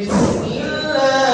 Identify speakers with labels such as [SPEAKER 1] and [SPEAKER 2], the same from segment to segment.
[SPEAKER 1] بسم الله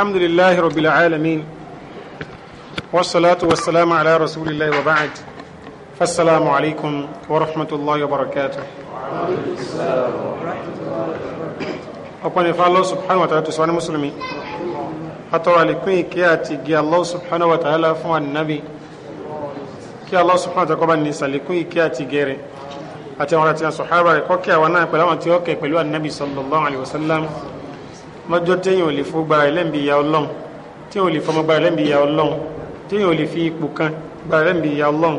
[SPEAKER 1] الحمد لله رب العالمين والصلاة والسلام على رسول الله وبعد فالسلام عليكم ورحمة الله وبركاته وعليكم السلام ورحمة الله وبركاته سبحانه وتعالى تسواني مسلمي أتوى لكم كياتي جي الله سبحانه وتعالى فهو النبي كي الله سبحانه وتعالى قبل النساء لكم كياتي غيري أتوى لكم صحابة وكي وانا قبل النبي صلى الله عليه وسلم mọ́jọ́ téèyàn ò lè fọgbára ẹlẹ́mìí ìyá ọlọ́run téèyàn ò lè fọmọgbára ẹlẹ́mìí ìyá ọlọ́run téèyàn ò lè fi ipò kan gbára ẹlẹ́mìí ìyá ọlọ́run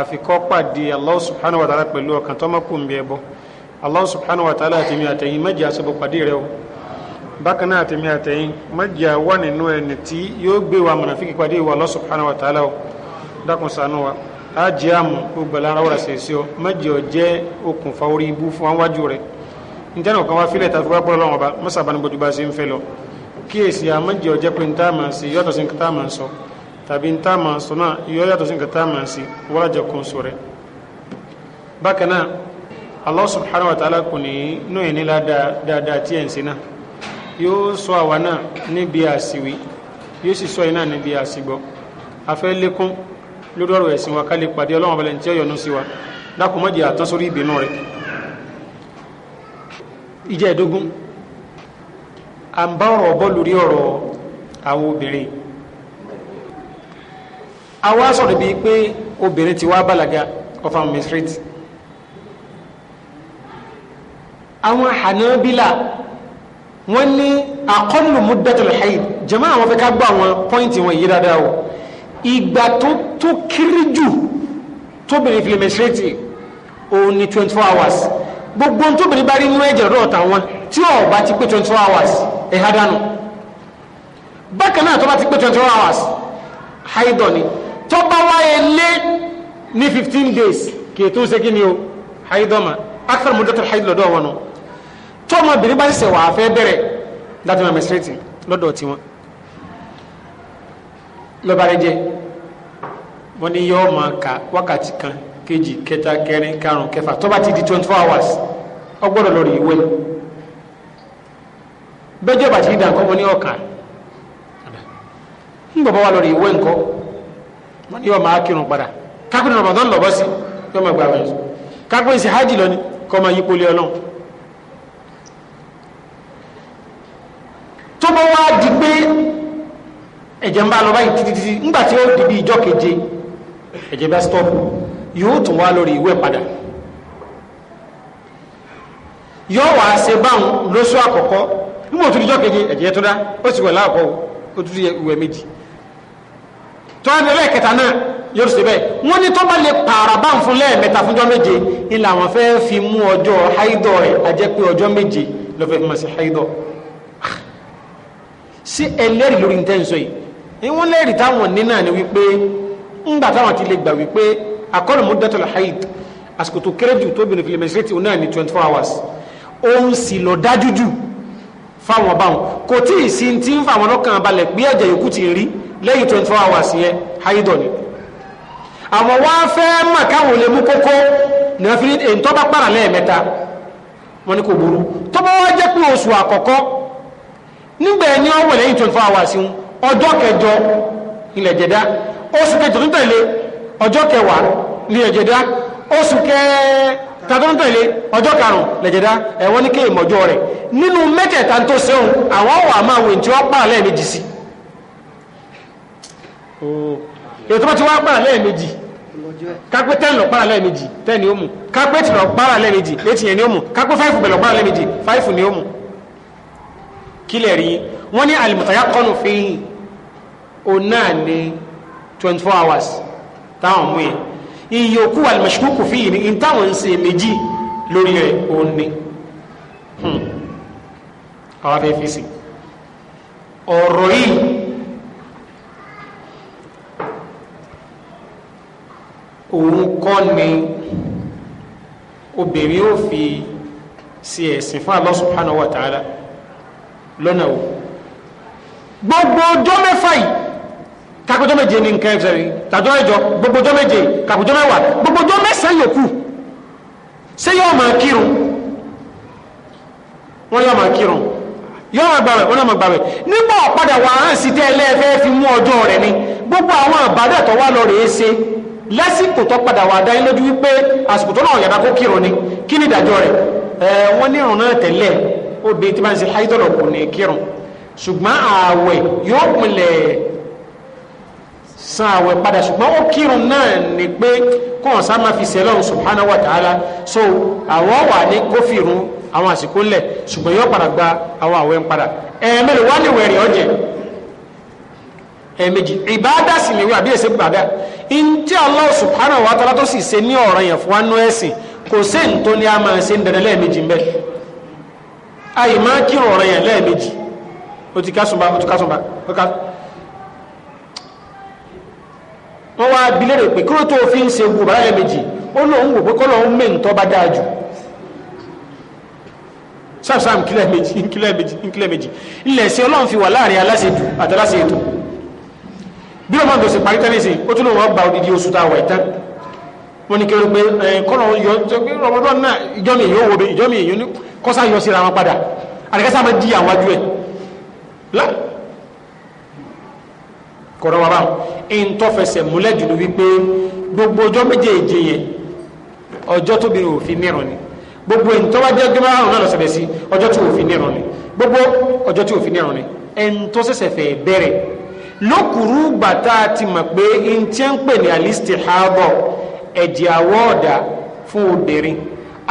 [SPEAKER 1] àfikọ́ pàdé Allah subhanahu wa ta'ala pẹ̀lú ọkàn tọ́mọ́kùn bí ẹbọ Allah subhanahu wa ta'ala àtẹ̀mí àtẹ̀yìn mẹ́jì àṣọbọ̀ pàdé rẹ o bákan náà àtẹ̀mí àtẹ̀yìn mẹ́jì wà nínú ẹni tí yóò gbé wa mọ̀nà fíkì pàdé wa Allah subhanahu wa ta'ala o dákun ṣàánú wa á jẹ́ àmú gbogbo ẹ̀lára wọ̀rọ̀ ṣèṣe o mẹ́jì ọ̀ jẹ́ okùnfà orí ibú fún wájú rẹ̀ njẹ́ náà kan wá fílẹ̀ tàbí wá bọ́lọ́wọ́ ọba mọ́sàbá ní gbogbo bá ṣe ń fẹ́ lọ kíyèsí àmọ́jì ọjẹ́ pé ń táàmà sí yọ́tọ̀ sí ń táàmà sọ tàbí ń táàmà sọ náà yọ́ yàtọ̀ sí ń táàmà sí wọ́lájọ kan sọ rẹ̀ bákan náà Allah subhanahu wa ta'ala kò ní inú ẹ̀ nílá dáadáa tí ẹ̀ ń ṣe náà yóò sọ àwa náà níbi àsìwí yóò sì sọ iná níbi àsìgbọ́ afẹ́ lékún lórí ọ̀rọ̀ ẹ̀sìn wa ká lè pàdé ọlọ́run ọ̀bẹ̀lẹ̀ tí ó yọ́nú sí wa dákùnmọ́jì àtọ́sórí ìbínú rẹ̀ ìjẹ́ ìdógún à ń bá ọ̀rọ̀ bọ́ lórí ọ̀rọ̀ àwọn obìnrin àwa sọ̀rọ̀ bíi pé obìnrin ti wá bàlágà ọ̀fà mẹ́sírẹ́tì àwọn Hanabila wọ́n ní aqallu muddatul hayd jẹ́mọ́ àwọn fẹ́ ká gbọ́ àwọn pọ́ìntì wọn yìí dáadáa o ìgbà tó tó kéré jù tóbìnrin fi lè òun ni twenty four hours gbogbo tó bìnrin bá rí inú ẹ̀jẹ̀ lọ́dọ̀ tàwọn tí ó bá ti pé twenty four hours ẹ̀há dànù bákan náà tó bá ti pé twenty four hours haidọ̀ ni tó bá wáyé lé ní fifteen days kì í tún ṣe kí ni o haidọ̀ ma akthar muddatul haid lọ́dọ̀ wọn nù tó ọmọbìnrin bá ṣẹ̀ṣẹ̀ wà á fẹ́ bẹ̀rẹ̀ láti máa menstruate lọ́dọ̀ tiwọn lọ́ba rẹ jẹ wọ́n ní yọ ọmọ ká wákàtí kan kejì kẹta kẹrin karùn kẹfà tó bá ti di twenty four hours ó gbọ́dọ̀ lọ rí ìwé bẹ́jọ́ bàtí ìdá nǹkan mo ní ọ̀kan ń bọ̀ bá wà lọ rí ìwé nǹkan wọ́n ní ọmọ akírun padà kápẹ́ni Ramadan lọ́bọ́ sí yóò máa gba àwọn ẹ̀sùn kápẹ́ni sí hajj lọ ni kọ́ máa yípo lé ọlọ́run tó bá wá di pé ẹ̀jẹ̀ ń bá lọ báyìí títí títí ńgbà tí ó di bí ìjọ keje ẹ̀jẹ̀ bá stọ́ọ̀pù yóò tún wá lórí ìwé padà yóò wá ṣe báwọn lóṣù àkọ́kọ́ nígbà tó dijọ́ keje ẹ̀jẹ̀ tó dá ó sì wẹ̀ láàkọ́ ó tún yẹ ìwé méjì tó á bẹ̀rẹ̀ kẹta náà yóò ṣe bẹ́ẹ̀ wọ́n ní tó bá lè pààrà bá ń fún lẹ́ẹ̀mẹ́ta fúnjọ́ méje ni làwọn fẹ́ fi mú ọjọ́ haidọ̀ rẹ̀ ajẹ́ pé ọjọ́ méje ló fẹ́ fi sí haidọ̀ sí ẹlẹ́rìí lórí ní tẹ́ǹsọ yìí wọ́n lẹ́rìí táwọn ní náà ni wípé ńgbà táwọn ti lè gbà wípé akọ́nà muddatul haid àsìkò tó kéré jù tó bìnrin fìlẹ̀ mẹ́sírẹ́tì òun náà ní twenty four hours òun sì lọ dájú jù fáwọn báwọn kò tí ì sí ti ń fa àwọn ọlọ́kàn balẹ̀ pé ẹ̀jẹ̀ yòókù ti rí lẹ́yìn twenty four hours yẹn haidọ̀ ni àwọn wá fẹ́ mà káwọn lè mú kókó ní wọ́n fi ní èyí tó bá pàrà kò burú tó bá jẹ́ pé oṣù àkọ́kọ́ nígbà ẹni ọwọ́ lẹ́yìn twenty four hours ọjọ́ kẹjọ ilẹ̀ jẹ̀dá oṣù kẹjọ tó tẹ̀lé ọjọ́ kẹwàá ní ẹ̀jẹ̀dá oṣù kẹẹ tàbí ọjọ́ karùn-ún lẹ̀jẹ̀dá ẹ̀wọ́n ní kéèmù ọjọ́ rẹ̀ nínú mẹ́tẹ̀ẹ̀ta tó sẹ́hùn àwọn wà máa wè tí wọ́n pàà lẹ́ẹ̀mejì sí ètò bá ti wá pàà lẹ́ẹ̀mejì kápẹ́ tẹ́n lọ pàà lẹ́ẹ̀mejì tẹ́n ni ó mú kápẹ́ tì lọ pàà lẹ́ẹ̀mejì létí yẹn ni ó mú kápẹ́ fáìfù bẹ̀ lọ pàà fáìfù ni ó mú kílẹ̀ rí wọ́n ní àlìmọ̀tàyà kọ́nù fi hìn òun náà ní 24 hours táwọn mú yẹn ìyókù alimọ̀ṣukú fi yìí ní táwọn ń ṣe méjì lórí rẹ̀ òun ni hmm. àwọn afẹ́ fi sí ọ̀rọ̀ yìí òun kọ́ ni obìnrin ó fi ṣe ẹ̀sìn fún Allah subhanahu wa ta'ala lọ́nà o gbogbo ọjọ́ mẹ́fà yìí kakojọ́ méje ní nǹkan ẹ̀fẹ̀ rí tàjọ́ ẹ̀jọ gbogbojọ́ méje kakojọ́ mẹ́wàá gbogbojọ́ mẹ́sàn-án yòókù ṣé yóò máa kírun wọ́n yóò máa kírun yóò máa gbàwẹ̀ wọ́n yóò máa gbàwẹ̀ nígbà ọ̀padà wà á sì tẹ́ ẹlẹ́fẹ́ fi mú ọjọ́ rẹ̀ ni gbogbo àwọn àbádẹ́ tó wà lọ rèé ṣe lásìkò tó padà wà dá ilójú wípé àsìkò tó náà yàrá kó kírun ni kí ni ìdájọ́ rẹ̀ wọ́n ní ìrùn náà tẹ́lẹ̀ obìnrin tí bá ń ṣe kò ní kírun ṣùgbọ́n ààwẹ̀ yóò pinlẹ̀ san àwẹ̀ padà ṣùgbọ́n ó kírun náà ni pé kóhàn sá máa fi ṣe lọ́run subhanahu wa ta'ala so àwọn wà ní kófìrún àwọn àsìkò ńlẹ̀ ṣùgbọ́n yóò padà gba àwọn àwẹ̀ ń padà ẹ̀ẹ́mẹ́lẹ̀ wá ní wẹ̀rẹ̀ ọ̀jẹ̀ ẹ̀ẹ̀mejì ìbáadá sì ni wí àbí èsè bàdá ntí Allah subhanahu wa ta'ala tó sì ṣe ní ọ̀ràn yẹn fún wánú ẹ̀sìn kò sí ntó ní a máa ṣe ń dẹ̀rẹ̀ lẹ́ẹ̀mejì mbẹ́ àyè máa kírun ọ̀ràn yẹn lẹ́ẹ̀mejì ó ti kásùnba ó ti kásùnba ó ti kásùnba wọ́n wá abilérè pé kí ló tó fi ń ṣe gbogbo bàbá rẹ̀ méjì ó lóun wò pé kọ́ lóun mé ntọ́ bá dáa jù sáàsáà nkílẹ̀ méjì nkílẹ̀ méjì nkílẹ̀ méjì ilẹ̀ sí ọlọ́run fi wà láàrin aláṣẹ́jù àtàláṣẹ́ ètò bí ọmọ gbèsè parí tẹ́lẹ̀sì ó tún lóun wọ́n gba odidi oṣù tá a wà ìtàn wọ́n ní kéré pé kọ́nà yọ yọ síra wọn padà kọ̀rọ̀ wa báwọn ń tọ́fẹsẹ̀ múlẹ̀ dùnú wípé gbogbo ọjọ́ méjèèjì yẹn ọjọ́ tó bí òfin mìíràn ni gbogbo ìtọ́wájẹ́ gbẹ́mọ́ àrùn náà lọ́sẹ̀lẹ̀ sí ọjọ́ tí òfin mìíràn ni gbogbo ọjọ́ tí òfin mìíràn ni ẹn tó ṣẹ̀ṣẹ̀ fẹ́ bẹ̀rẹ̀ lókùrú gbàtà ti mọ̀ pé n tí ń pè ní alistihabo ẹ̀jẹ̀ àwọ̀ ọ̀dà fún obìnrin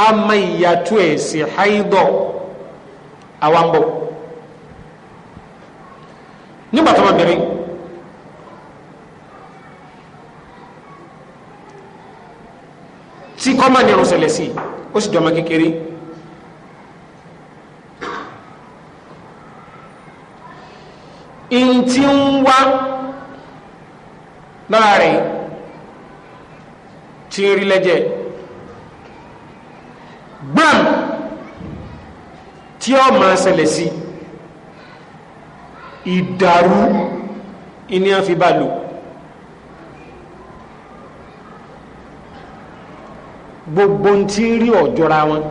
[SPEAKER 1] a ìyàtọ̀ ẹ̀sìn haidọ̀ àwọn bọ̀ nígbà tó mọ̀ bẹ̀rẹ̀ tí kọ́mà ní ọ̀rùn ṣẹlẹ̀ sí ó sì dọ́mọ kékeré in tí ń wá lára rẹ̀ tí ń rí lẹ́jẹ̀ gbọ́n tí ó máa ṣẹlẹ̀ sí ìdàrú ìní àfi lò gbogbo ń tí ń rí ọ̀jọ́ra wọn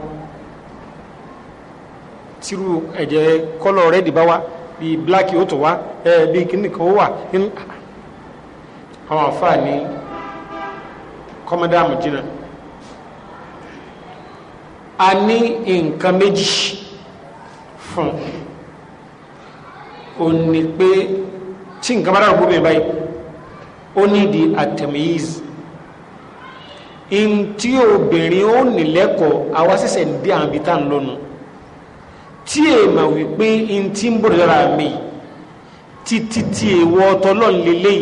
[SPEAKER 1] tírú ẹ̀jẹ̀ kọ́lọ̀ rẹ́dì bá wá bíi black ó tó wá ẹ bíi kíní kan ó wà nínú àwọn àfáà ní kọ́mọdáàmù jìnnà a ní nǹkan méjì fún o ní pé tí nǹkan bá dàrú gbóbìnrin báyìí ó ní di àtẹ̀míyìí ntí obìnrin ó nílẹ́kọ̀ọ́ àwa ṣẹ̀ṣẹ̀ ń dé àwọn ibi tá à ń lọ́nu tí èèmà wípé ntí ń bòrò lára mi títí tí èèwọ̀ ọtọlọ́ọ̀lélẹ́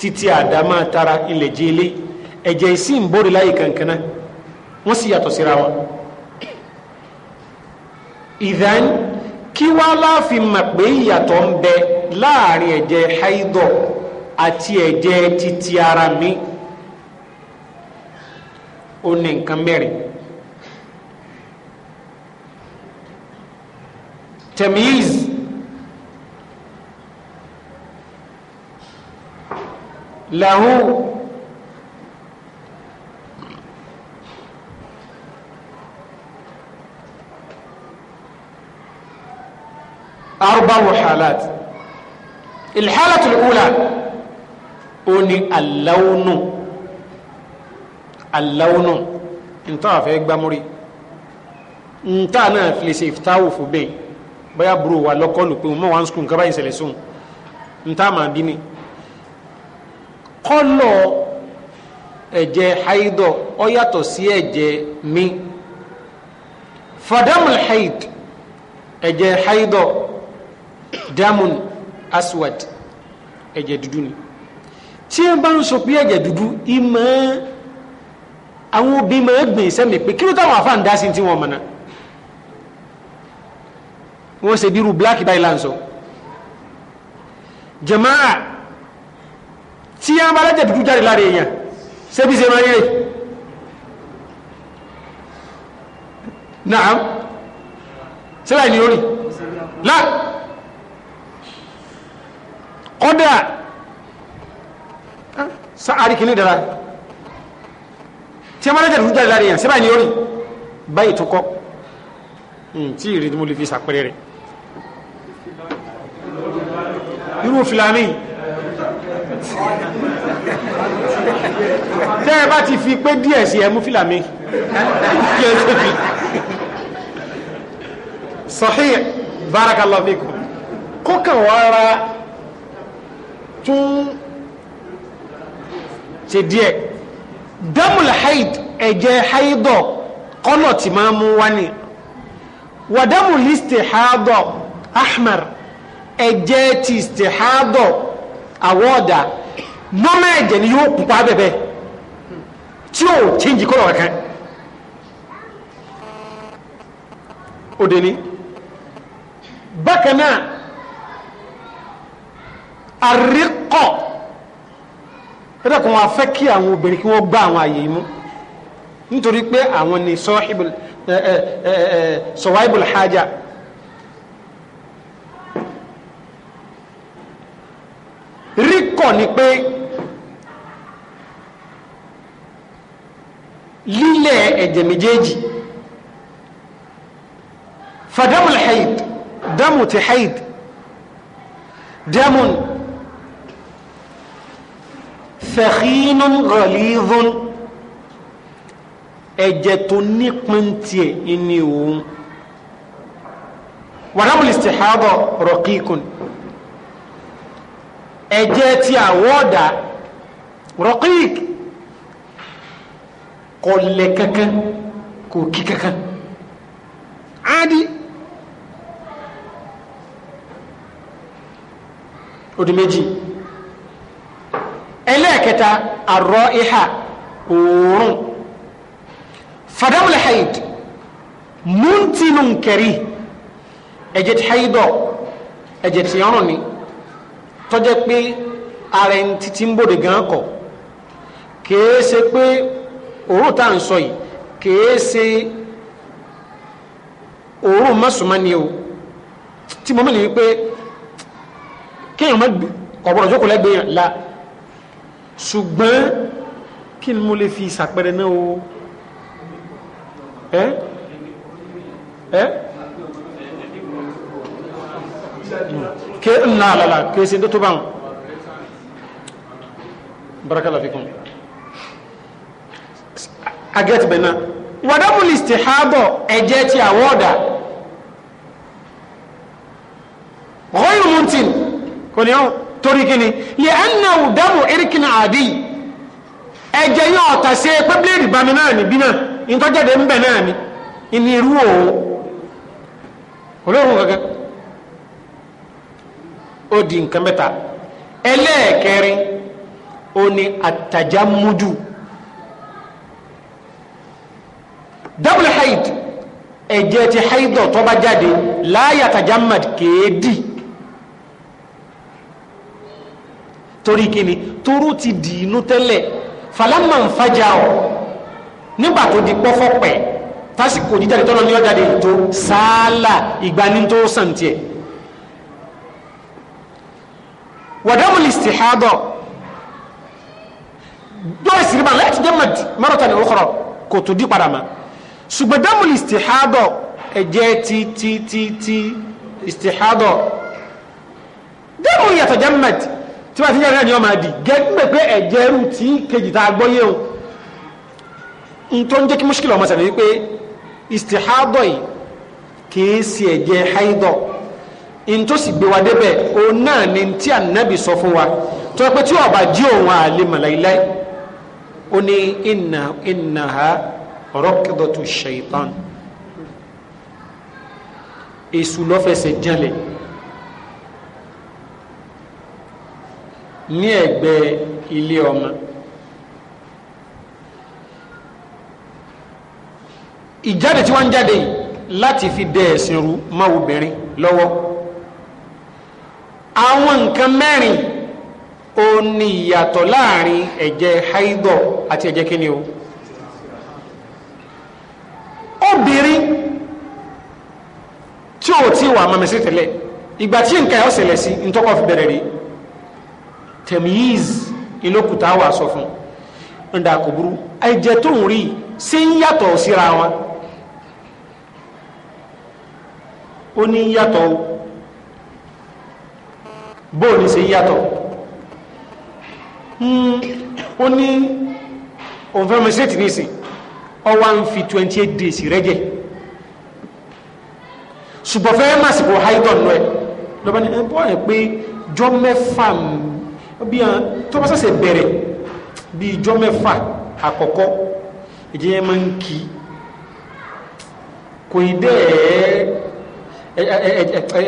[SPEAKER 1] títí àdámá tara ilẹ̀ jẹ́lẹ́ ẹ̀jẹ̀ ìsì ń bòrò láyé kankan náà wọ́n sì yàtọ̀ síra wa. ìdán kí wá láàfin mà pé ìyàtọ̀ ń bẹ láàrin ẹ̀jẹ̀ haidọ̀ àti ẹ̀jẹ̀ títí ara mi. onen ní nǹkan lahu أربع حالات الحالة الأولى أني اللون aláwọnà nta àfẹ́ gbámúrí nta náà fi lè ṣe ìfitáwò fún bẹ́ẹ̀ bóyá buru wa lọ́kọ́lù pé mo wà ń sukùn kábàáyé ìṣẹ̀lẹ̀ sùn nta máa dín ní kọ́lọ̀ ẹ̀jẹ̀ haidọ̀ ọ yàtọ̀ sí ẹ̀jẹ̀ mi fadamul haid ẹ̀jẹ̀ haidọ̀ damun aswad ẹ̀jẹ̀ dúdú ni tí ẹ bá ń sọ pé ẹ̀jẹ̀ dúdú ìmọ̀ ẹ́ àwọn obì máa gbìn sẹ́mi pé kí ló táwọn àfáà ń dá sí tí wọ́n mọ̀nà wọ́n ṣe bírú black by lanso jama'a tí a ń bá lẹ́jẹ̀ dúdú jáde lára èèyàn ṣébí ṣe máa rírè naam sílá orí láà kọ́dà sáà àríkìní dára tí a máa lẹ́jẹ̀ lójújáde lára èèyàn síbáyìí ni ó rí báyìí tó kọ́ hmm, tí ìrìn mo lè fi sàpẹrẹ rẹ̀ irú filami tẹ́ ẹ bá ti fi pé díẹ̀ sí ẹ filami kí ẹ tó fi sahih ara tún ṣe díẹ̀ damul haid ẹ̀jẹ̀ haidọ̀ kọ́lọ̀ tí máa mú wá ní wà damul istihadọ̀ ahmar ẹ̀jẹ̀ ti istihadọ̀ àwọ̀dà mọ́mọ́ ẹ̀jẹ̀ ni yóò pupa bẹ̀bẹ̀ tí ó change kọ́lọ̀ kankan òde ni bákan náà àríkọ̀ ẹ̀dá kan wọn fẹ́ kí àwọn obìnrin kí wọ́n gbá àwọn àyè mú nítorí pé àwọn ni sọ̀wáìbùl hajà ríkọ̀ ni pé lílẹ̀ ẹ̀jẹ̀ méjèèjì fàdámùl haid dámù haid dámùn fẹ̀kínú rọ̀lìdún ẹ̀jẹ̀ tó nípin tiẹ̀ ní òun wàlámùlì istihada rọ̀kíkùn ẹ̀jẹ̀ tí àwọ́dà rọ̀kík kò lẹ̀ kankan kò kí kankan ádi odùméjì ẹlẹ́ẹ̀kẹta àrọ ìhà òórùn fadamul haid múntinun kẹrí ẹ̀jẹ̀ tí haidọ̀ ẹ̀jẹ̀ tí ọrùn ni tọ́jẹ́ pé ara ẹni títí ń bòde gan kọ̀ kìí ṣe pé òórùn tá à ń sọ yìí kìí òórùn mọ́sùmánì o tí mo mìíràn wípé kéèyàn má kọ̀bọ̀rọ̀ jókòó lẹ́gbẹ̀ẹ́ la ṣùgbọ́n kí ni mo lè fi ìsàpẹrẹ náà o ẹ́ ẹ́ ké ńlá àlàlà kéèsì tó tó bá ń barakala fi kún agẹ́tìbẹ̀ náà wàdámùlì istihadọ̀ ẹ̀jẹ̀ ti àwọ́ọ̀dà kò ní ọ́n torí kíni lè ẹ́nà òdàbò erikina àdí ẹ̀jẹ̀ yóò ọ̀tà sí pé bíléèdì bami náà ní bí náà ìtọ́jáde ń bẹ̀ náà ní ìní irú òwò olóòrùn kankan ó di nǹkan mẹ́ta ẹlẹ́ẹ̀kẹrin ó double haid ẹ̀jẹ̀ ti haidọ̀ tó bá jáde láyàtàjámàd kéèdì torí kíni toró ti dì inú tẹ́lẹ̀ falama ń fàjà ọ̀ nígbà tó di pọ́fọ́ pẹ̀ tásìkò jíjáde tọ́lọ ní ọjáde tó sáálà ìgbani tó sàn tiẹ̀ wàdámùlì istihadọ̀ dọ́ọ̀ ìsìnrìbà láti jẹ́ mẹ́rọ̀tà ní ọkọ̀rọ̀ kò tó dí padà mọ́ ṣùgbọ́n dámùlì istihadọ̀ ẹ̀jẹ̀ ti ti ti ti istihadọ̀ dámùlì yàtọ̀ jẹ́ mẹ́tì tí wọ́n ti yára ni wọ́n máa di gẹ́gbẹ́ pé ẹ̀jẹ̀ rú tí kejì tá a gbọ́ yé o n tó ń jẹ́ kí mùsùlùmí ọmọ sàlẹ̀ wípé istihadọ̀ yìí kìí ṣe ẹ̀jẹ̀ haidọ̀ n tó sì gbé wa débẹ̀ òun náà ni tí ànábì sọ fún wa tó yẹ pé tí ọba jí òun àlè màláìláì ó ní inna innaha raqdatu shaitan èṣù lọ́fẹsẹ̀ jẹ́lẹ̀ ní ẹ̀gbẹ́ ilé ọmọ ìjáde tí wọ́n ń jáde láti fi dẹ ẹ̀sìn rú mọ́ obìnrin lọ́wọ́ àwọn nǹkan mẹ́rin ó ní ìyàtọ̀ láàrin eje haidọ àti ẹ̀jẹ̀ kíni o obìnrin tí ò tí wà mọ̀mẹ́sí tẹ́lẹ̀ ìgbà tí nǹkan ẹ̀ ọ̀sẹ̀lẹ̀ sí ní tọ́kọ̀ fi bẹ̀rẹ̀ tẹ̀míyìz ìlókùtà wà sọ fún un ǹdà kò burú ẹ̀jẹ̀ tó ń rí ṣé ń yàtọ̀ síra wọn ó ní yàtọ̀ bóòlù ṣe yàtọ̀ hmm, ó ní òun ní sìn ọwá ń fi twenty eight days rẹ́jẹ̀ ṣùgbọ́n fẹ́ màsìkò haidon lọ ẹ̀ lọ́ba ní ẹ̀ bọ́ ẹ̀ pé jọ́ mẹ́fà ń bí hàn tó bá ṣẹ̀ṣẹ̀ bẹ̀rẹ̀ bí ijọ́ mẹ́fà àkọ́kọ́ ìjẹ́ yẹn máa ń kí kò ì dẹ́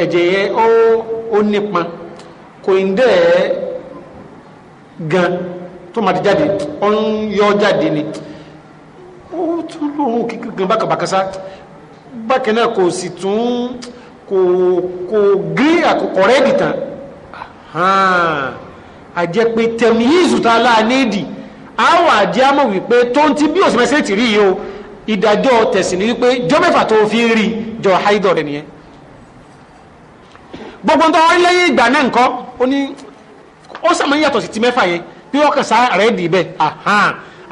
[SPEAKER 1] ẹ̀jẹ̀ yẹn ó nípa kò ì dẹ́ gan tó máa ti jáde ó ń yọ jáde ni ó tún lóhun kíkí gan bákàbàkà sá bákan náà kò sì tún kò kò gé àkọ́kọ́ rẹ́ẹ̀dì tán àjẹ́ pé tẹ̀mí ìzùta aláàníìdì àwọn àjẹ́ àmọ̀ wípé tó ń ti bí òsì mẹ́sẹ̀ tì rí yìí o ìdájọ́ tẹ̀sí ni wípé jọ mẹ́fà tó fi ń rí jọ haidọ̀ rẹ̀ nìyẹn gbogbo tó wọ́n lẹ́yìn ìgbà náà nǹkan ó ní ó sàmọ́ yàtọ̀ sí ti mẹ́fà yẹn bí wọ́n kàn sá rẹ̀ dì bẹ́ẹ̀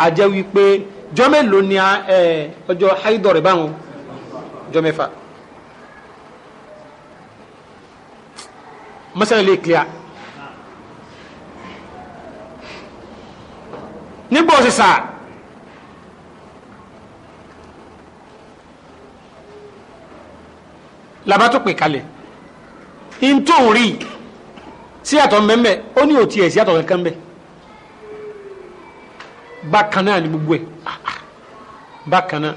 [SPEAKER 1] àjẹ́ wípé jọ mélòó ni ọjọ́ haidọ̀ rẹ̀ báwọn jọ mẹ́fà mọ́sálẹ̀ lè clear nígbò sísà labá tó pè kalẹ̀ in tó ń rí sí àtọ̀ mẹ́mẹ́ ó ní òtí ẹ̀ sí àtọ̀ kankan mẹ́ bákan náà ni gbogbo ẹ̀ bákan náà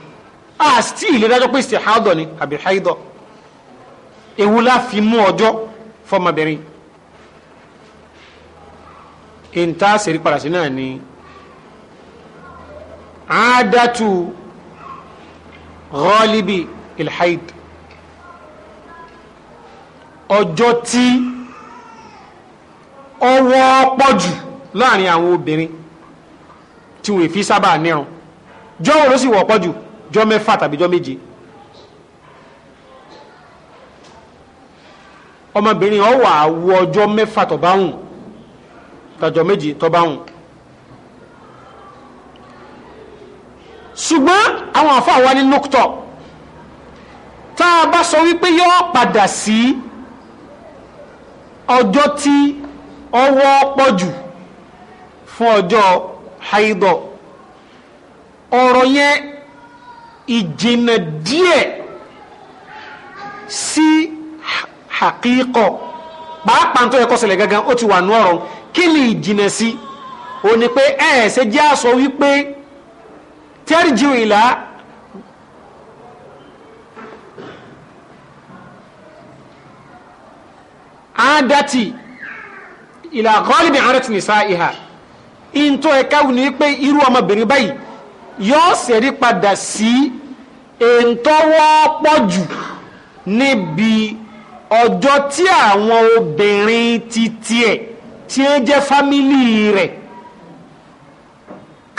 [SPEAKER 1] a sì lè dájọ́ pé istihadọ̀ ni àbí haidọ̀ ewu láfi mú ọjọ́ fọmọbìnrin ìntà sèrí parasi náà ni àádátù ghalibi ilhaid ọjọ́ tí ọwọ́ pọ̀jù láàrin àwọn obìnrin tí wọ́n fi sábà nírun jọ́ wo ló sì wọ́ pọ̀jù jọ́ mẹ́fà tàbí jọ́ méje ọmọbìnrin ó wá ọjọ́ mẹ́fà tó bá méje tó ṣùgbọ́n àwọn àfáà wa ní nukutọ tá a bá sọ wípé yọ padà sí ọjọ́ tí ọwọ́ pọ̀ jù fún ọjọ́ haidọ̀ ọ̀rọ̀ yẹn ìjìnà díẹ̀ sí hakíkọ̀ pàápàá tó yẹ kó ṣẹlẹ̀ gangan ó ti wà ní ọ̀rọ̀ kí ni ìjìnà sí o ní pé ẹ̀ẹ́sẹ̀ jẹ́ àsọ wípé. ترجع إلى عادتي إلى غالب عادة نسائها in tó ẹ̀ka wù ní pé irú ọmọbìnrin báyìí yóò ṣẹ̀rí padà sí èntọ́wọ́ pọ̀ jù níbi ọjọ́ tí àwọn obìnrin ti tiẹ̀ tí ó jẹ́ fámílì rẹ̀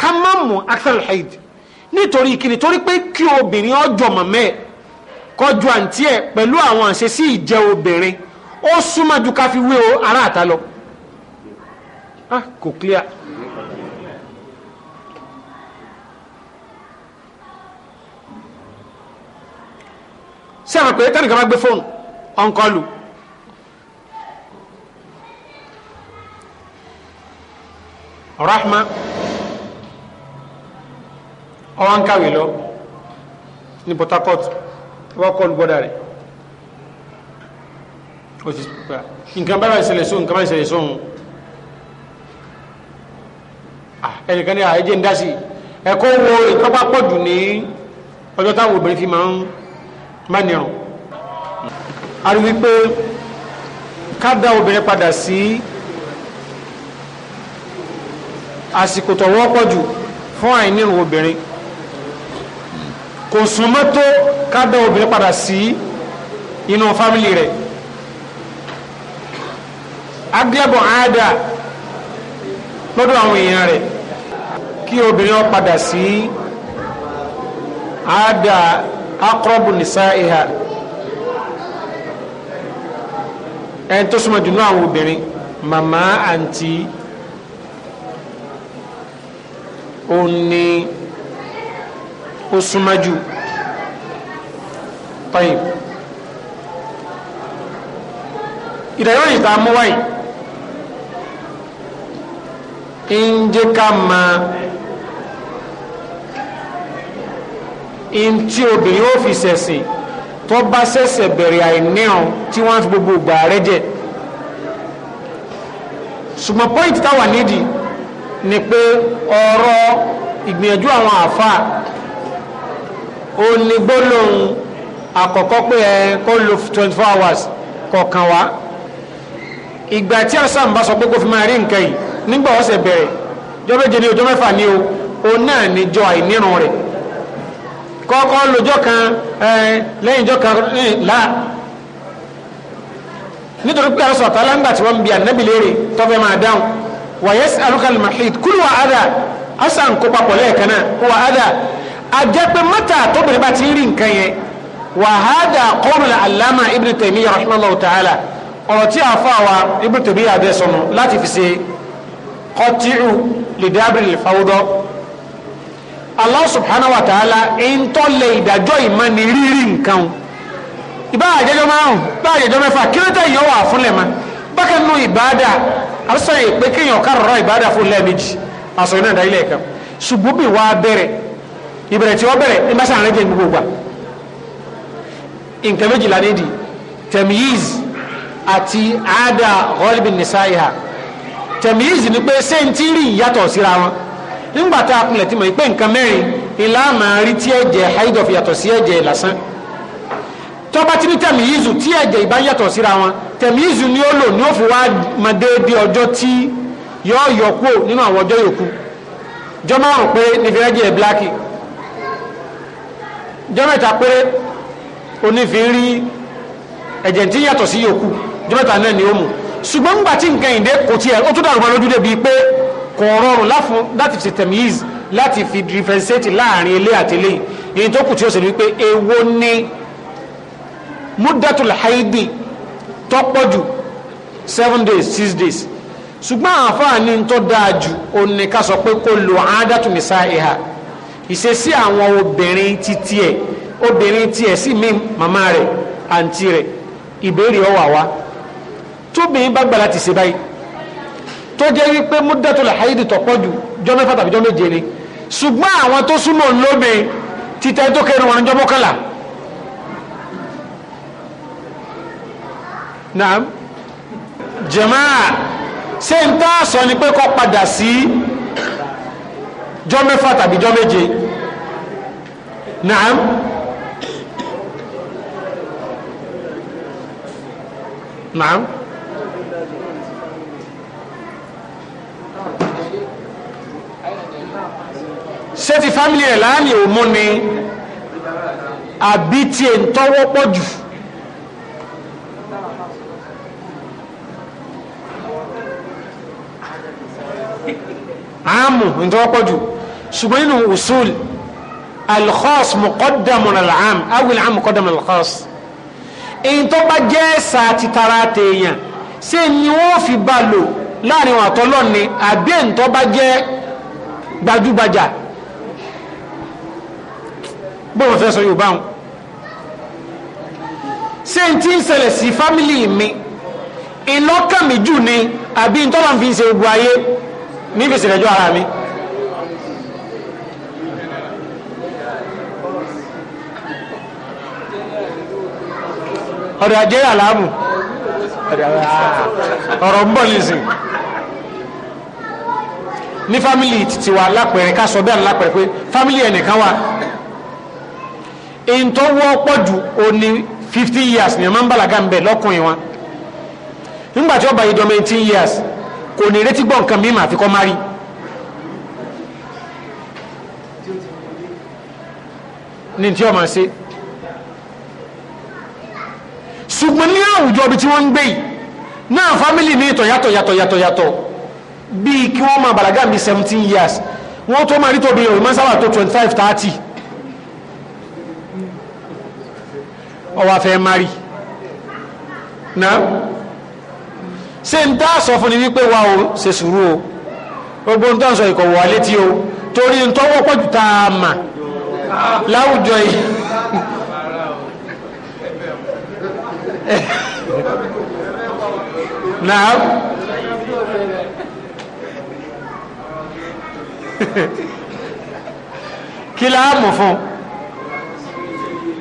[SPEAKER 1] ká má mú nítorí ìkíni torí pé kí obìnrin ọjọ́ mọ̀mẹ́ kọjú àǹtí ẹ̀ pẹ̀lú àwọn àṣesí ìjẹ́ obìnrin ó súnmọ́ ju ká fi wé o ará àta lọ ah kò clear sí àwọn pé tẹ́nìkan bá gbé fóònù ọ̀nkọlù rahma ọwọ́ ń kàwé lọ ní Port Harcourt wọ́n kọ́ olùgbọ́dà rẹ̀ ó ti pa nǹkan bá ìṣẹ̀lẹ̀ sóhun nǹkan bá ìṣẹ̀lẹ̀ sóhun ẹnìkan ní àyè jẹ́ ń dá sí ẹ̀kọ́ wo ìtọ́ bá pọ̀ jù ní ọjọ́ táwọn obìnrin fi máa ń bá ní a rí wípé ká dá obìnrin padà sí àsìkò tọ̀wọ́ pọ̀ jù fún àìnírun obìnrin kò súnmọ́ tó kádà obìnrin padà sí inú fámìlì rẹ̀ agbẹ́bọ̀ àádà lọ́dọ̀ àwọn èèyàn rẹ̀ kí obìnrin ó padà sí àádà akọ́rọ̀bù nìsá ìhà ẹni tó súnmọ́ jù náà àwọn obìnrin màmá àǹtí òun ni ó súnmọ́ jù tọ́yìn ìdájọ́ yìí tá a mú wáyìí ń jẹ́ ká mọ in tí obìnrin ó fi ṣẹ̀sìn tó bá ṣẹ̀ṣẹ̀ bẹ̀rẹ̀ àìníhàn tí wọ́n fi gbogbo ìgbà rẹ̀ jẹ́ ṣùgbọ́n pọ́ìntì táwa nídìí ni pé ọ̀rọ̀ ìgbìyànjú àwọn àfáà ó ní gbólóhùn àkọ́kọ́ pé ẹ kó lo twenty four hours kọ̀ọ̀kan wá ìgbà tí ọ̀sán bá sọ pé kó fi máa rí nǹkan yìí nígbà ọ̀sẹ̀ bẹ̀rẹ̀ jọ méje ní ọjọ́ mẹ́fà ni o òun náà ní jọ àìnírun rẹ̀ kọ́kọ́ lójọ́ kan lẹ́yìn ìjọ kan láà nítorí pé àwọn sọ̀tà lágbà tí wọ́n ń bi ànábì léèrè tọ́fẹ́ máa dáhùn wàyẹ́sì alukalimaxid kúlù wà ádà ọ̀sán kó papọ̀ lẹ́ẹ̀kan náà wà ádà ajẹ́pẹ́ mẹ́ta tóbìnrin bá ti rí nǹkan yẹn wàhádà kọ́mùlà aláma ibn Taymiyyah rahimahullah ta'ala ọ̀rọ̀ tí a fà wá ibn Taymiyyah abẹ́ sọnù láti fi ṣe kọtíù lìdábìrì fáwọ́dọ́ Allah subhanahu wa ta'ala ń tọ́lẹ̀ ìdájọ́ ìmọ̀ ní rírí nǹkan ìbá àjẹjọ́ márùn bá àjẹjọ́ mẹ́fà kí ló tẹ̀yìn wà fúnlẹ̀ ma bákan nù ìbáadà àbúsọ̀ yìí pé kéèyàn kárọ̀rọ̀ ìbáadà fún lẹ́ẹ̀mejì àṣọ iná ìdáyìlẹ̀ kan ṣùgbọ́n bí wàá bẹ̀rẹ̀ ìbẹ̀rẹ̀ tí wọ́n bẹ̀rẹ̀ ní bá sàárín jẹ́ gbogbo gbà nǹkan méjìlá nídi temiz àti ada holbin nisaiha temiz ni pé ṣé ń tí rí ìyàtọ̀ síra wọn nígbà tá a kunlẹ̀ tí mo pé nǹkan mẹ́rin ìlà máa rí tí ẹ̀jẹ̀ haidọ̀f yàtọ̀ sí ẹ̀jẹ̀ lásán tọ́ba tí ní temiz tí ẹ̀jẹ̀ ìbá yàtọ̀ síra wọn temiz ni ó lò ní ó fi wá máa déédéé ọjọ́ tí yọ yọ kúrò nínú àwọn ọjọ́ yòókù jọmọ́ àrùn pé nífẹ̀ẹ́ jẹ́ bíláàkì jọ́mẹ́ta péré onífin rí ẹ̀jẹ̀ tí yàtọ̀ sí yòókù jọ́mẹ́ta náà ni ó mú ṣùgbọ́n nígbà tí nǹkan ìdé kò tiẹ̀ ó tún dàrúmọ́ lójú débi pé kò rọrùn láfún láti fi tẹ̀míìz láti fi differentiate láàrin ilé àti èyí tó kù tí ó sì ní pé èwo ni mudatul haidi tọ́pọ̀jù seven days six days ṣùgbọ́n àǹfààní tó dáa jù òun ni ká sọ pé kó lo àádátùmísá ìhà ìṣesí àwọn obìnrin títí ẹ̀ obìnrin tí ẹ̀ sì mí màmá rẹ̀ àǹtí rẹ̀ ìbéèrè ọwà wa tóbìnrin bá gbàlá ti ṣe báyìí tó jẹ́ wípé múdẹ́tòlá haidi tọ̀pọ̀ ju jọ́ mẹ́fà tàbí jọ́ méje ni ṣùgbọ́n àwọn tó súnmọ́ lóbe títẹ́ tó kẹrin wọn jọ́ mọ́kànlá naam jamaa ṣé n tá a sọ ni pé kó padà sí jọ́ mẹ́fà tàbí jọ́ méje naam naam ṣé ti fámìlì rẹ̀ láàrin òmú ni àbí tí è ń tọ́wọ́ pọ̀ jù àmù ń tọ́wọ́ pọ̀ jù ṣùgbọ́n nínú usul alkhas muqaddamun al'am awil am muqaddamun alkhas èyí tó bá jẹ́ ẹ̀sà ti tara tèèyàn ṣé ni wọ́n fi bá lò láàrin wọn àtọ́lọ́ ni àbí èyí tó bá jẹ́ gbajúgbajà bóun fẹ́ sọ yorùbá wọn ṣé n ti ń ṣẹlẹ̀ sí fámìlì mi ìlọ́kàn jù ni àbí ntọ́lá fi ń ṣe gbogbo ayé ní ìfẹsẹ̀lẹ́jọ́ ara mi. ọ̀dọ̀ àjẹyà láàmù ọ̀rọ̀ ń bọ̀ nìsín ní fámìlì títí wa lápẹ̀rẹ̀ ká sọ bẹ́ẹ̀ lápẹ̀rẹ̀ pé fámìlì ẹnìkan wa èyí tó wọ́pọ̀ jù ó ní fifty years ni ọmọ ń bàlágà ń bẹ̀ lọ́kùnrin wọn nígbà tí ó bá yí dọ́mọ eighteen years kò ní retí gbọ́ nǹkan mímọ́ àfikọ́ má rí. ní tí ọmọ ṣe ṣùgbọ́n ní àwùjọ ibi tí wọ́n ń gbé yìí náà fámílì ní ìtọ̀ yàtọ̀ yàtọ̀ yàtọ̀ yàtọ̀ bíi kí wọ́n máa bàlágà bíi seventeen years wọ́n tó máa rí tóbi yẹn òmìnira sábà tó twenty five thirty ọwọ́ afẹ́ mari náà ṣe ń dá sọ fún ni wípé wa o ṣe sùúrù o gbogbo ń tán sọ ìkọ̀wọ̀ alẹ́ tí o torí ń tọ́wọ́ pọ̀jù tá a mà láwùjọ yìí. نعم. kí مفهوم. mọ̀ fún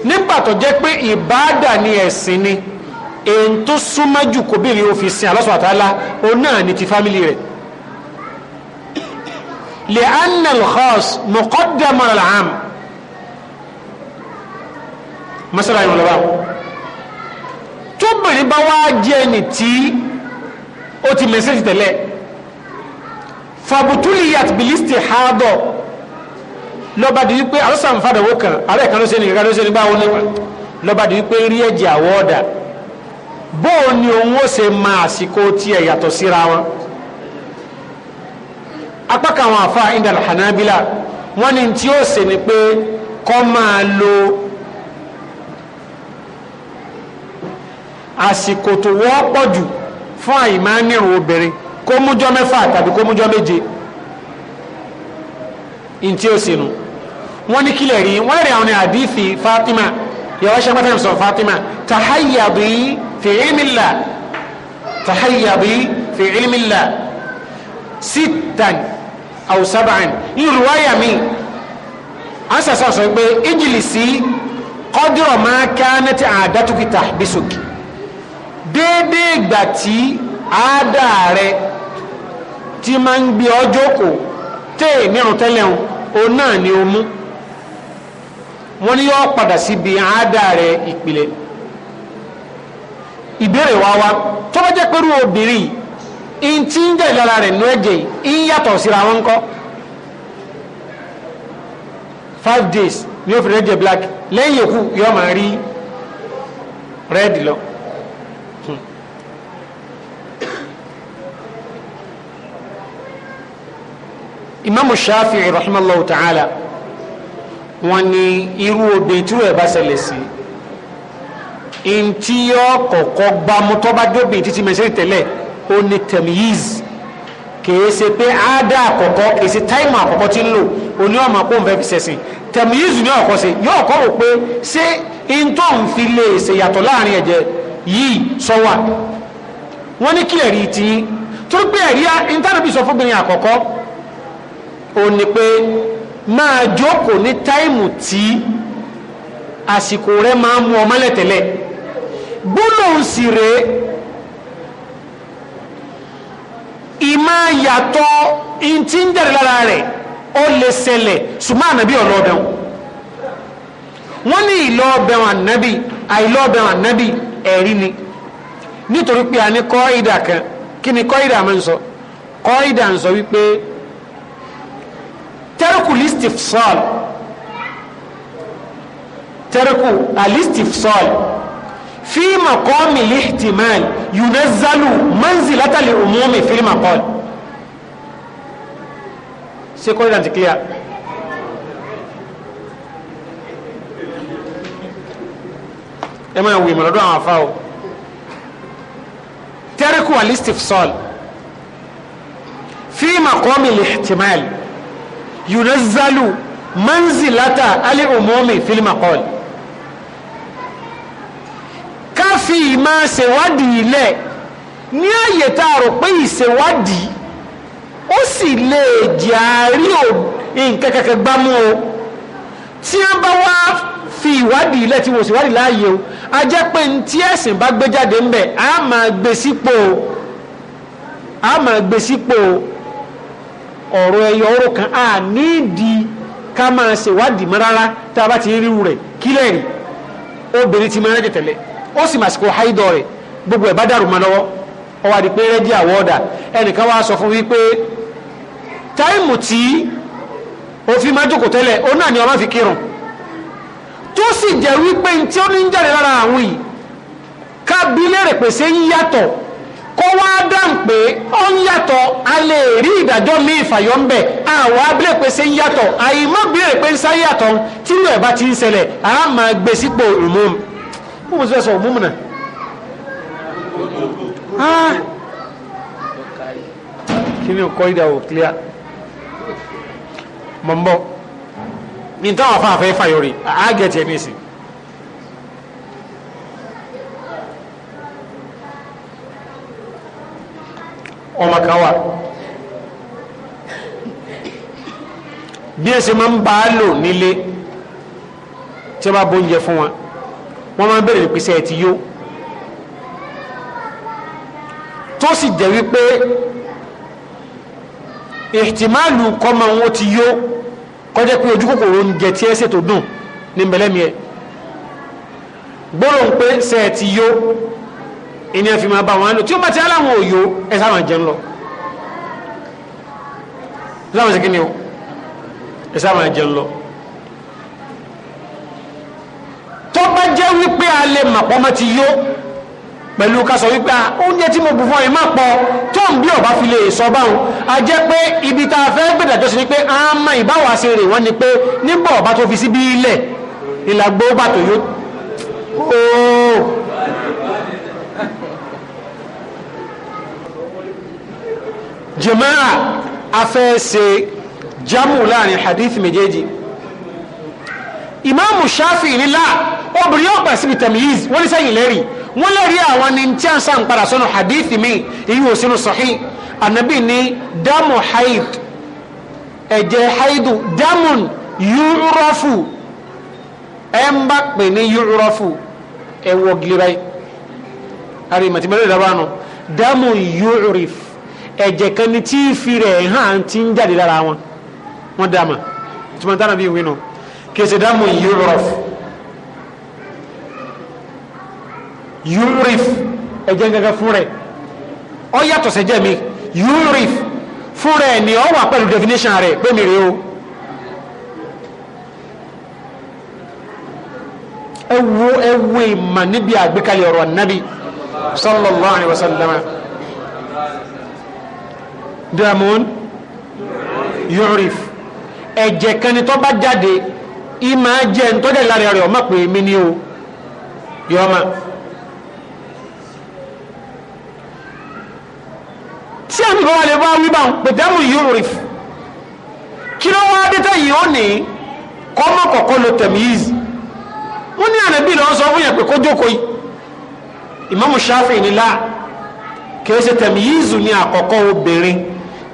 [SPEAKER 1] nígbà tó jẹ́ pé ìbáàdà ni ẹ̀sìn ni èyí tó súnmọ́ jù kó bèrè òfin sin Allah subhanahu wa ta'ala náà ni ti fámìlì rẹ̀ li'an al-khas muqaddam ala al-'am tóbìnrin bá wá jẹ́ ẹni tí ó ti mẹ́sẹ̀jì tẹ́lẹ̀ fàbùtúlì àti bìlísítì háàdọ̀ lọ́ba di wípé àlọ́sàn fàdàwó kan ààrẹ kan ló ṣe ní ìrẹ́ká ló ṣe ní báwo nípa lọ́ba di wípé rí ẹ̀jẹ̀ àwọ̀ bóò ni òun ó ṣe máa àsìkò tiẹ̀ yàtọ̀ síra wọn apá kan àwọn àfa indal hanabila wọ́n ní tí ó ṣe ni pé kọ́ máa lo àsìkò tó wọ́pọ̀ jù fún àìmá nírun obìnrin kó mújọ́ mẹ́fà tàbí kó mújọ́ méje in tí ó sinú wọ́n ní kílẹ̀ rí wọ́n rí àwọn àdífì Fatima yàwó ṣe mọ́tẹ́ sọ Fatima tahayyabi fi ilmilla tahayyabi fi ilmilla sittan aw sab'an ìrùwáyà mi ansa sọ sọ pé ijlisi qadra ma kanat àdátùkítà bísòkì déédé ìgbà tí àádá rẹ ti máa ń gbé ọjọ́ kò tèè nírun tẹ́lẹ̀ ń o náà ni o mú wọ́n ní yọ́ padà síbi àádá rẹ ìpìlẹ̀ ìbéèrè wa wa tó bá jẹ́ pẹ̀lú obìnrin in tí ń jẹ́ ìlara rẹ̀ nú ẹ̀jẹ̀ in yàtọ̀ síra wọn kọ́ five days ni ó fi rẹ́jẹ̀ black lẹ́yìn òkú yọ́ máa rí red lọ. imaamu shafi'i rahimallahu ta'ala wọ́n ní irú obìnrin tí wọ́n bá ṣẹlẹ̀ sí ntí yọ kọ̀kọ́ gba mọ́tọ́bájóbìn títí mẹ́sẹ̀rì tẹ́lẹ̀ ó ní tẹ̀míyìz kìí ṣe pé áádá àkọ́kọ́ kìí ṣe táìmù àkọ́kọ́ tí ń lò oní ọmọ kó n fẹ́ fi ṣẹ̀sìn tẹ̀míyìz ní ọ̀kọ́ ṣe yọ ọ̀kọ́ rò pé ṣé ntọ́ ń fi lè ṣe yàtọ̀ láàrin ẹ̀jẹ̀ yìí sọ́wà wọ́n ní kí ẹ̀rí tiyín torí pé ẹ̀rí intanabi sọ fún àkọ́kọ́ ó ní pé máa jókòó ní táìmù tí àsìkò rẹ máa ń mú ọmọ lẹ́tẹ̀lẹ̀ gbólóhùn sì rèé ìmá yàtọ̀ ìntí ń jẹ́rẹ̀ lára rẹ̀ ó lè ṣẹlẹ̀ ṣùgbọ́n ànábì ọlọ́ọ̀bẹ̀wọ̀n wọ́n ní ìlọ́ọ̀bẹ̀wọ̀n ànábì àìlọ́ọ̀bẹ̀wọ̀n ẹ̀rí ni nítorí pé a ní kọ́ ìdà kan kí ni kọ́ ìdà máa ń sọ kọ́ ìdà ń sọ wípé tẹ́rẹ̀kù listifsal tẹ́rẹ̀kù alistifsal fi maqami lihtimal yunazzalu manzilata li umumi fi maqal ṣe kọ́ ìdáǹtì clear ẹ máa wí mọ̀lọ́dọ́ àwọn afá o tẹ́rẹ̀kù alistifsal fi maqami lihtimal yunazzalu manzilata ali umumi fil maqal káfí máa ṣèwádìí ilẹ̀ ní àyè tá a rò pé ìṣèwádìí ó sì lè jàárí ò nǹkan kẹkẹ gbámú o tí wọ́n bá wá fi ìwádìí ilẹ̀ tí wọ́n sì láàyè o a jẹ́ pé ní tí ẹ̀sìn bá gbé jáde ńbẹ̀ a máa gbé sípò a máa gbé sípò o ọ̀rọ̀ ẹyọ ọ̀rọ̀ kan a nídìí ká máa ṣèwádìí mọ́ rárá tá a bá ti ríru rẹ̀ kílẹ̀ rí obìnrin ti máa rẹ́jẹ̀ tẹ̀lẹ̀ ó sì màsìkò háìdọ̀ rẹ̀ gbogbo ẹ̀ bá dàrú mọ́ lọ́wọ́ ó wá di pé rẹ́jì àwọ́ọ̀dà ẹnìkan wá sọ fún wípé táìmù tí òfin máa jókòó tẹ́lẹ̀ ó náà ni ọmọ fi kírun tó sì jẹ́ wípé tí ó ní ń jáde lára àwọn yìí ká bí pèsè ń yàtọ̀ kó wá dáhùn pé ó ń yàtọ̀ a lè rí ìdájọ́ mi ìfàyọ́ ń bẹ̀ àwọn abúlé pé ṣe ń yàtọ̀ àyìnbó béèrè pé ń sá yàtọ̀ tí ìlú ẹ̀ bá ti ń ṣẹlẹ̀ a máa gbé sípò ìmúmu mo mọ̀ sí ẹ̀sọ̀ ìmúmu náà ah. kini o kọ́ídà o clear mọ̀ ń bọ̀ ní táwọn afáfẹ́ fàyọrí àágẹ̀tì ẹ̀ ní ìsìn ọmọ kan wà bí ẹsẹ̀ máa ń bá a lò nílé tí wọ́n bá bóúnjẹ fún wọn wọ́n máa ń bèrè ìpèsè ẹ̀ ti yó tó sì jẹ́ wípé ìtìmáàlù kọ́mọ wọn ti yó kọjá pé ojú kòkòrò oúnjẹ tí ẹsẹ̀ tó dùn ní mbẹ́lẹ́mi gbọ́dọ̀ ń pé sẹ́ẹ̀ ti yó ìní ẹ̀fì máa wọn lò tí ó bá ti aláwọn òyò ẹ̀sà àwọn jẹun lọ tó bá jẹ́ wípé a lè màpọ̀ mọ́ ti yó pẹ̀lú ká sọ wípé ah, oúnjẹ tí mo bù fún ẹ̀ má pọ̀ tó ń bí ọ̀bá fi lè sọ báwọn a jẹ́ pé ibi tá a fẹ́ gbẹ̀dàjọ́ sí ni pé a máa ìbáwà ṣe rè wọ́n ni pé nígbà ọ̀bá tó fi sí bí ilẹ̀ ìlàgbó bàtò yó jama'a afẹ́ ṣe jamu láàrin hadith méjèèjì ìmáàmù Shafi'i nílá obìnrin ọ̀pẹ̀ síbi tamiyiz wọ́n ní sẹ́yìn lẹ́rì wọ́n lẹ́rí àwọn ní tí a ń sàn padà sọ́nà hadith mi èyí ò sínú sahih ànábì ní dámù haid ẹ̀jẹ̀ haidu dámùn yúrọ́fù ẹ ń bá pè ní yúrọ́fù ẹ̀wọ̀ gílẹ̀ báyìí àrí ìmọ̀tí ẹ̀jẹ̀ kan ni tí fi rẹ̀ hàn ti ń jáde lára wọn wọn dá mà tuma dára bí wínú kèsì dáàmú yúrọf yúrif ẹ̀jẹ̀ gẹ́gẹ́ fún rẹ̀ ọ yàtọ̀ sẹ́jẹ̀ mi yúrif fún rẹ̀ ni ọ wà pẹ̀lú definition rẹ̀ pé mi rèé o. ẹ wo ẹ wo ìmọ̀ níbi àgbékalẹ̀ ọ̀rọ̀ nàbí sallallahu alayhi wa sallam dàmún yorif ẹ̀jẹ̀ kan ni tó bá jáde ìmọ̀ jẹ́ ń tọ́jẹ́ lára rẹ̀ ọmọ pé mi ni o yọmọ tí àmì kan wà lè bá wíbà pẹ̀tẹ́mù yorif kí ló wá dé tẹ́yìn ó ní kọ́mọ kọ̀kọ́ lo tẹ̀míìz wọ́n ní ànábì lọ́wọ́ sọ fún yẹn pé kó jókòó yìí ìmáàmù Ṣáfi'í ni láà kì í ní àkọ́kọ́ obìnrin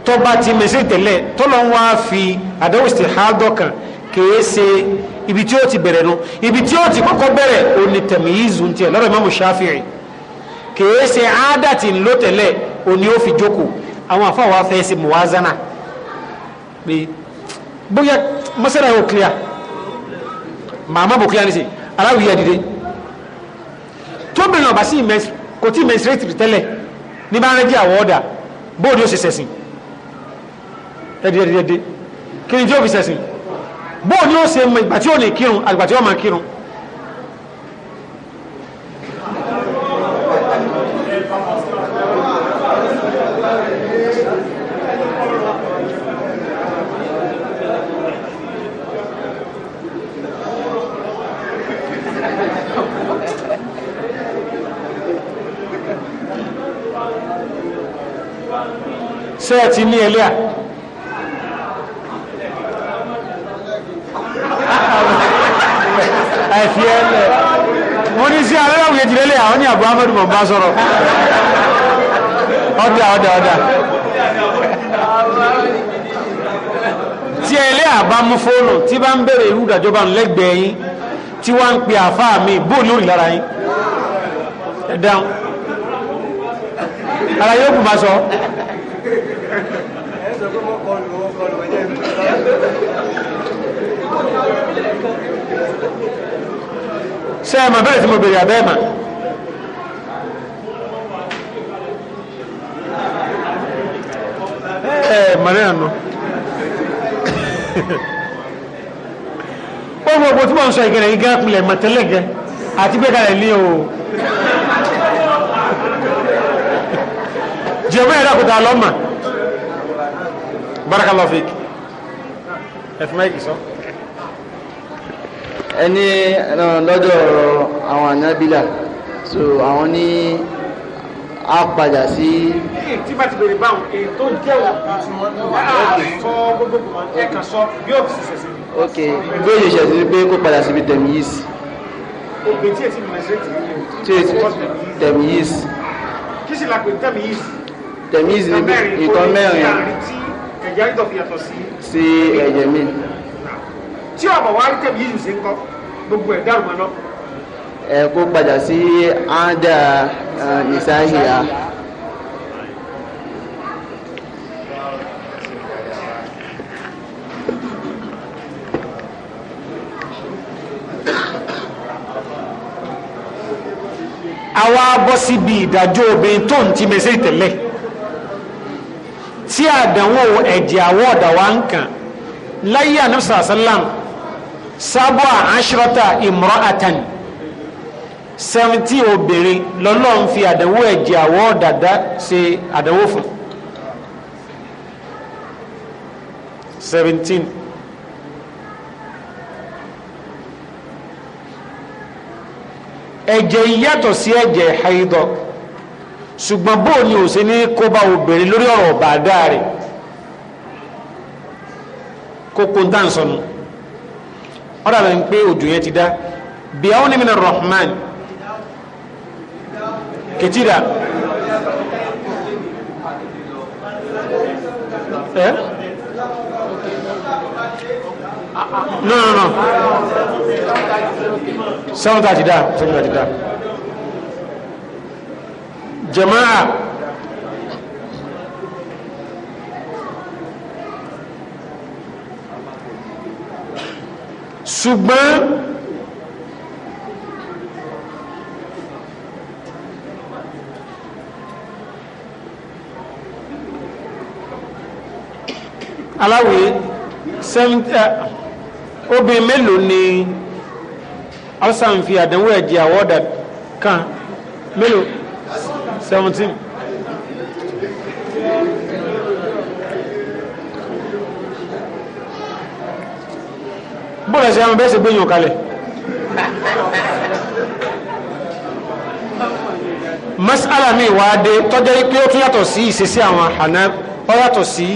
[SPEAKER 1] tọ́ba ti mèsè tẹ́lẹ̀ tọ́lọ́ wá fi àdáwò sí àádọ́kan kìí ṣe ibi tí ó ti bẹ̀rẹ̀ nu ibi tí ó ti kọ́kọ́ bẹ̀rẹ̀ òní tẹ̀míyìzù tiẹ̀ lọ́dọ̀ Imamu Shafi'i kìí ṣe àádàtì ńlọ tẹ́lẹ̀ òní ó fi jókòó àwọn àfọwọ́ afẹ́ ṣe muwazana pé bóyá mọ́sálà yóò clear màmá bò clear ní sè aláwìyá dìde tóbìnrin ọ̀bá sí kò tí menstruate tẹ́lẹ̀ ní bá ń rẹ́jì àwọ̀ ọ̀dà bóòdì ó ṣe ṣẹ̀sìn dẹ́dẹ́dẹ́dẹ́ kí ni tí ó fi sẹ̀sìn bóò ni ó ṣe mọ ìgbà tí ó lè kírun àgbà tí ó máa kírun sẹ́ẹ̀tì ní ẹlẹ́à kejì lélẹ̀ àwọn ní àbúrò amadu mọ̀ bá sọ̀rọ̀ ọ̀dà ọ̀dà ọ̀dà tí ẹlẹ́ àbámu fóònù tí bá ń bèrè irú ìdàjọba lẹ́gbẹ̀ẹ́ yín tí wọ́n ń pe àfáà mi bó ní òrì yín ẹ dáhùn ara yóò kù máa sọ. ṣe é ma bẹ́ẹ̀ tí mo bèrè àbẹ́ẹ̀ ma. ẹ mọ̀rẹ́ àná ó mọ̀ bó tí mo ń sọ ìgẹ̀rẹ̀ yìí gán pilẹ̀ mọ̀tẹ́lẹ̀gẹ̀ àti bẹ́ẹ̀ kalẹ̀ ní o. jẹ̀mú ẹ̀rọ kùtà lọ́mà barakallahu fik ẹ̀fúnmáyìkì sọ. So ẹni lọ́dọ̀ àwọn ànábìlà so àwọn ní á padà sí. tí bá ti bèrè báwọn èyí tó jẹ́ òkú tí wọ́n sọ gbogbo ẹ̀kan sọ yóò fi ṣẹ̀ṣẹ̀ sí. ok bí ó ṣe ṣẹ̀ṣẹ̀ sí pé kó padà síbi tẹ̀mí yìí sí. ògbè tí èsì mẹ̀sẹ̀ tí èsì tẹ̀mí yìí sí. kí sì la pè tẹ̀mí yìí sí. tẹ̀mí yìí sí ni nǹkan mẹ́rin. ẹ̀jẹ̀ àrídọ̀ fi yàtọ̀ sí. sí ẹ̀jẹ̀ mi tí ọ̀bọ̀ wá rí tẹ̀mí yíyù sí ń kọ́ gbogbo ẹ̀ dárò mọ́ lọ. ẹ kó padà sí ádà nìsáhìá. àwa bọ́ síbi ìdájọ́ obìnrin tó ń ti mẹsẹ̀ tẹ̀lẹ̀ tí àdánwò ẹ̀jẹ̀ àwọ̀ ọ̀dà wa ń kàn láyé ànábìsà sábà aṣọ́ta imra'atan seventy obìnrin lọ́lọ́run fi àdánwò ẹ̀jẹ̀ àwọ̀ dada se àdánwò fún seventeen. ẹ̀jẹ̀ yàtọ̀ sí ẹ̀jẹ̀ haidọ̀ ṣùgbọ́n bóò ni ò sí ní kó bá obìnrin lórí ọ̀rọ̀ bàdá rẹ̀ kókó dáǹsọ̀nù ọ̀rọ̀ àmì pé òjò yẹn ti dá bí àwọn onímọ̀ rahman kẹtìrà ẹ́ no no no sẹ́wọ́n tàti dá sẹ́wọ́n tàti dá jama'a ṣùgbọ́n aláwòye eh, obìnrin mélòó ni ọsàn fi àdánwò ẹ̀jẹ̀ àwọ́dà kan mélòó 17 bóòlù ẹsẹ̀ àwọn bẹ́ẹ̀sẹ̀ gbẹ̀yìn òkalẹ̀ masala mi wá dé tọ́jọ́ pé ó tún yàtọ̀ sí ìṣesí àwọn Hanabi ó yàtọ̀ sí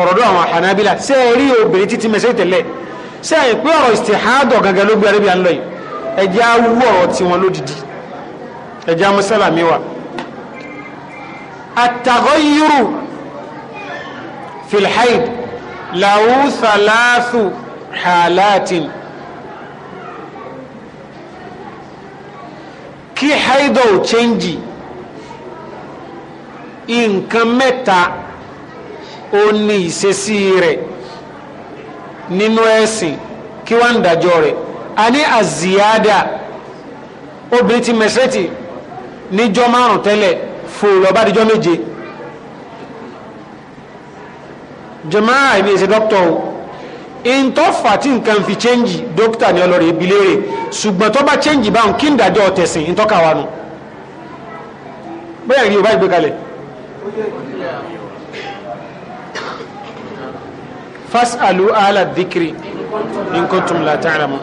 [SPEAKER 1] ọ̀rọ̀dọ̀ àwọn Hanabila ṣé ẹ rí obìnrin títí mẹsẹ̀ tẹ̀lẹ̀ ṣé ẹ ọ̀rọ̀ istihadọ̀ gangan ló gbé arábíà ńlọ halatin kí haidọ̀ ò chẹ́njì nǹkan mẹ́ta ó ní ìṣesí rẹ̀ nínú ẹ̀sìn kí wọ́n ń dájọ́ rẹ̀ a ní àzíyádà obìnrin ti mẹ́sẹ̀tì níjọ́ márùn tẹ́lẹ̀ fòòlù ọba díjọ́ méje jọmọ́ àìní ìṣe o in tó fà tí nǹkan fi change dókítà ní ọlọ́rẹ̀ ibi léèrè ṣùgbọ́n tó bá change báhùn kí n dájọ́ tẹ̀sìn in tọ́ka wa nù bẹ́ẹ̀ rí o bá ìgbékalẹ̀ fasalu ala dhikri in kuntum la ta'lamun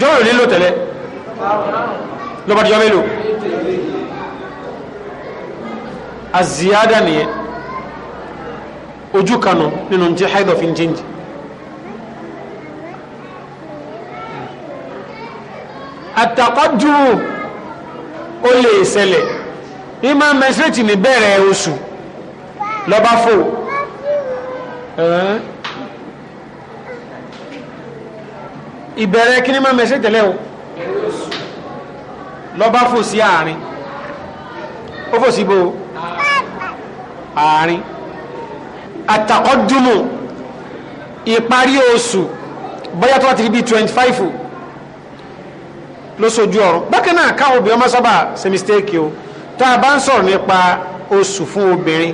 [SPEAKER 1] jọ́rọ̀ nílò tẹ̀lẹ̀ lọ́bàdìjọ́ mélòó aziyada nìyẹn ojú kanu nínú tí haidọ fi ń jíǹjì àtàkọ́jú ó lè ṣẹlẹ̀ ní máa mẹsírẹ́tì ní bẹ̀rẹ̀ oṣù lọ́bá fò ìbẹ̀rẹ̀ kí ní máa mẹsírẹ́tì tẹ́lẹ̀ o lọ́bá fò sí àárín ó fò síbò àárín àtàkọ́dúnmù ìparí oṣù bóyá tó láti rí bí 25 ló sojú ọ̀rọ̀ bákan náà káwọn obìnrin ọmọ sábà ṣe mistake o tá a bá ń sọ̀rọ̀ nípa oṣù fún obìnrin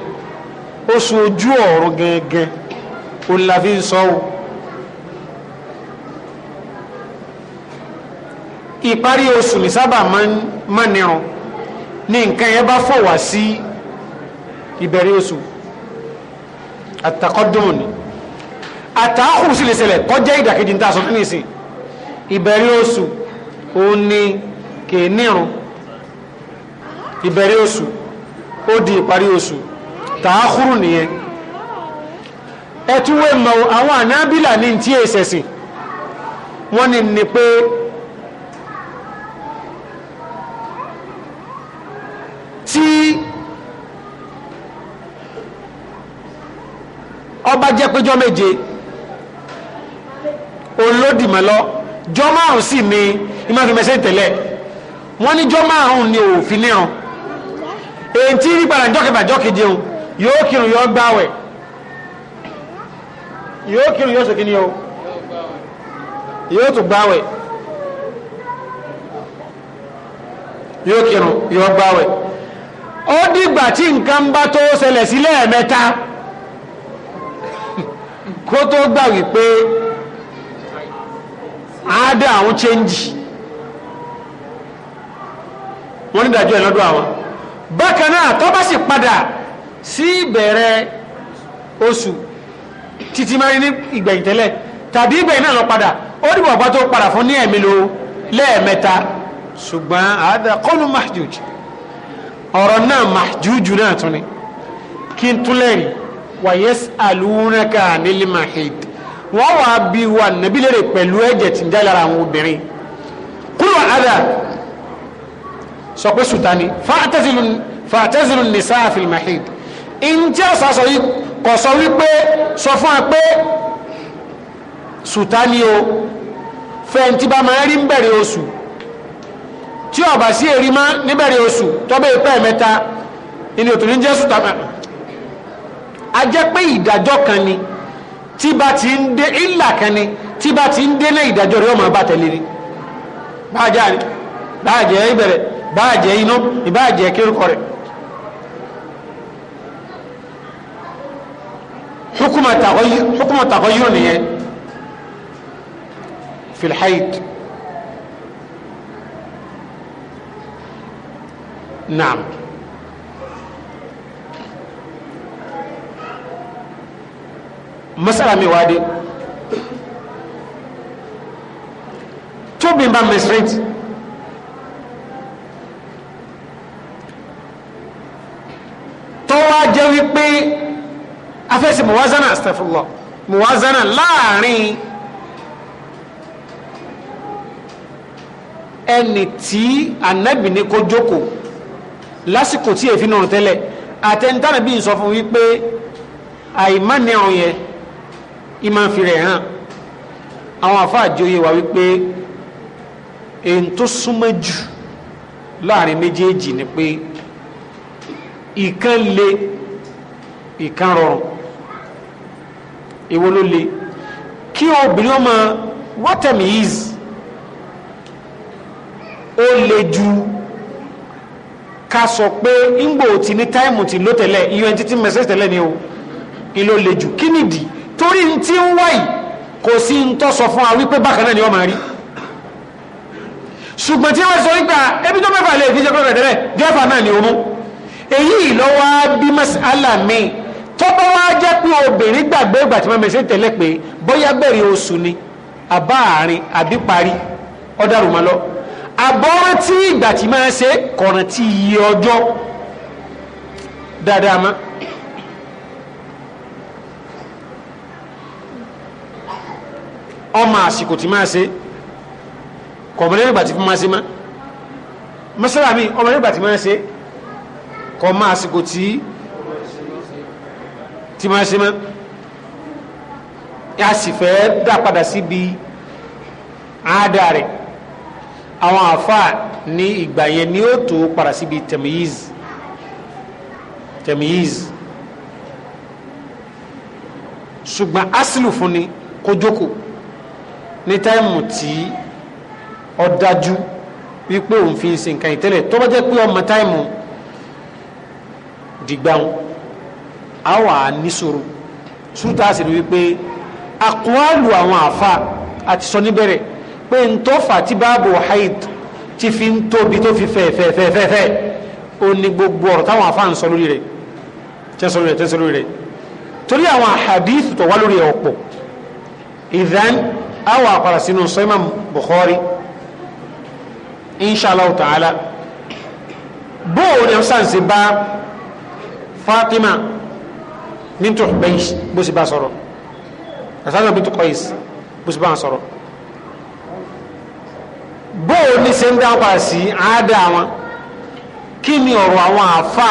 [SPEAKER 1] oṣù ojú ọ̀rọ̀ gangan o la ń sọ o ìparí oṣù ní sábà máa ń ní nǹkan yẹn bá fò wá sí ìbẹ̀rẹ̀ oṣù àtàkọ́dùnmù ni àtàkùrù sí lè ṣẹlẹ̀ kọjá ìdàkejì níta sọ́tún nìsí ìbẹ̀rẹ̀ oṣù ó ní kèénírun ìbẹ̀rẹ̀ oṣù ó di ìparí oṣù tàákùrù nìyẹn ẹtúwé mọ̀ àwọn ànábìlà ní tí ọba jẹ́ péjọ méje olódìmọ̀lọ́ jọ márùn sí ni ìmọ̀fìmẹ̀sẹ̀ tẹ̀lẹ̀ wọ́n ní jọ márùn ni òfin níran èyí tí rí padà jọ́kẹ̀bàjọ́ keje o yóò kírun yóò gbáwẹ̀ yóò kírun yóò sèkí ni o yóò tún gbáwẹ̀ yóò kírun yóò gbáwẹ̀ ó dìgbà tí nǹkan bá tó ṣẹlẹ̀ sí lẹ́ẹ̀mẹ́ta. Si kó tó gbà wípé àádá àwọn change wọ́n nídàjọ́ ẹ̀ lọ́dọ̀ àwọn bákan náà tó bá sì padà sí ìbẹ̀rẹ̀ oṣù títí máa rí ní ìgbẹ̀yìn tẹ́lẹ̀ tàbí ìgbẹ̀yìn náà lọ padà ó dìbò ọ̀bá tó padà fún ní ẹ̀mí lo lẹ́ẹ̀mẹ́ta ṣùgbọ́n àádá kọ́nù mahjuj ọ̀rọ̀ náà mahjuj náà tún ni kí n tún lẹ́rìí wàyẹ́sì alúnaka nílì mahid wọ́n wà bí wà nàbí lèrè pẹ̀lú ẹ̀jẹ̀ tí ń jáde lára àwọn obìnrin kúrò àdá sọ pé sùtani fàtẹ́sìlù nìsá àfil mahid ìjẹ́ sàṣọ yìí kọ̀ sọ wípé sọ fún wa pé sùtani o fẹ̀ǹtì bá máa rí ń bẹ̀rẹ̀ oṣù tí ọba sí èrí níbẹ̀rẹ̀ oṣù tọ́bẹ̀ ìpẹ́ inú òtún ní jésù tàbí a jẹ́ pé ìdájọ́ kan ni tí bá ti ń dé ìlà kan ni tí bá ti ń délé ìdájọ́ rẹ̀ ọmọ bá tẹ̀lé ni báàjẹ́ àní báàjẹ́ ìbẹ̀rẹ̀ báàjẹ́ inú ìbáàjẹ́ kírúkọ rẹ̀ hukuma takoyiro nìyẹn filhaid naam. masala mi wáá dé tóbi bá mẹsirẹ́tì tó wáá jẹ́ wípé afẹ́sẹ̀ muwazana astafurullah muwazana láàrin ẹni tí anabi ní kó jókòó lásìkò tí èéfín náà tẹ́lẹ̀ àtẹnitánà bí n sọ ìmọ̀ fi rẹ̀ hàn àwọn àfáàjòyè wa wípé èyí tó súnmọ́ jù láàrin méjèèjì ni pé ìkan le ìkan rọrùn èwo ló le kí obìnrin ọmọ wátẹ̀mí is ó le ju ká sọ pé ngbò tí ní táìmù tí ló tẹ̀lẹ̀ iye ẹni títí mẹsẹ̀sì tẹ̀lẹ̀ ni o ìlò le jù kí nìdí torí tí ń wáyì kò sí ń tọ́ sọ fún wa wípé bákan náà ni wọ́n máa rí ṣùgbọ́n tí wọ́n sọ wípé ah, ebi tó mẹ́fà lè fi jẹ́ pẹ́rẹ́ tẹ́lẹ̀ gẹ́fà náà ni ó mú èyí lọ́wọ́ bí mas'ala mi tó bá wá jẹ́ pé obìnrin gbàgbé ìgbà tí wọ́n mẹ́sẹ̀ tẹ́lẹ̀ pé bóyá bẹ̀rẹ̀ oṣù ni àbá àárín àbí parí ọ̀dàrúmọ́ lọ àbọ̀rán tí ìgbà tí máa ṣe kọ̀ràn tí iye ọjọ́ dáadáa máa ọmọ àsìkò tí máa se, kọ̀mọ̀lẹ́ nígbà tí máa ṣe má mọ́sálà mi ọmọ nígbà tí máa ṣe kọ̀mọ̀ àsìkò tí tí máa ṣe má a sì fẹ́ dá padà síbi àádá rẹ̀ àwọn àfáà ní ìgbà yẹn ni ó tó padà síbi tẹ̀míyìz tẹ̀míyìz ṣùgbọ́n asìlù fún ni kó jókòó ní táìmù tí ọ dájú wípé òun fi ń ṣe nǹkan ìtẹ́lẹ̀ tó bá jẹ́ pé ọmọ táìmù dìgbàun a wà níṣòro ṣúta sì rí wípé àkúwàlù àwọn àfa àti sọ níbẹ̀rẹ̀ pé n tó fà tí báàbò haid ti fi ń tóbi tó fi fẹ̀fẹ̀fẹ̀fẹ̀ ó ní gbogbo ọ̀rọ̀ táwọn àfa ń sọ lórí rẹ̀ tẹ́sọ lórí rẹ̀ tẹ́sọ lórí rẹ̀ torí àwọn àhàdíìsì tó wá lórí ọ̀pọ̀ ìdán a wà padà sínú sọ́ìmọ̀ Bukhari inshallah ta'ala bóò ni ọ̀sán sí bá Fatima bintu Hubaysh bó sì bá sọ̀rọ̀ Asana bintu Qais bó sì bá sọ̀rọ̀ bóò ní ṣe ń dá padà sí àádá wọn kí ni ọ̀rọ̀ àwọn àfa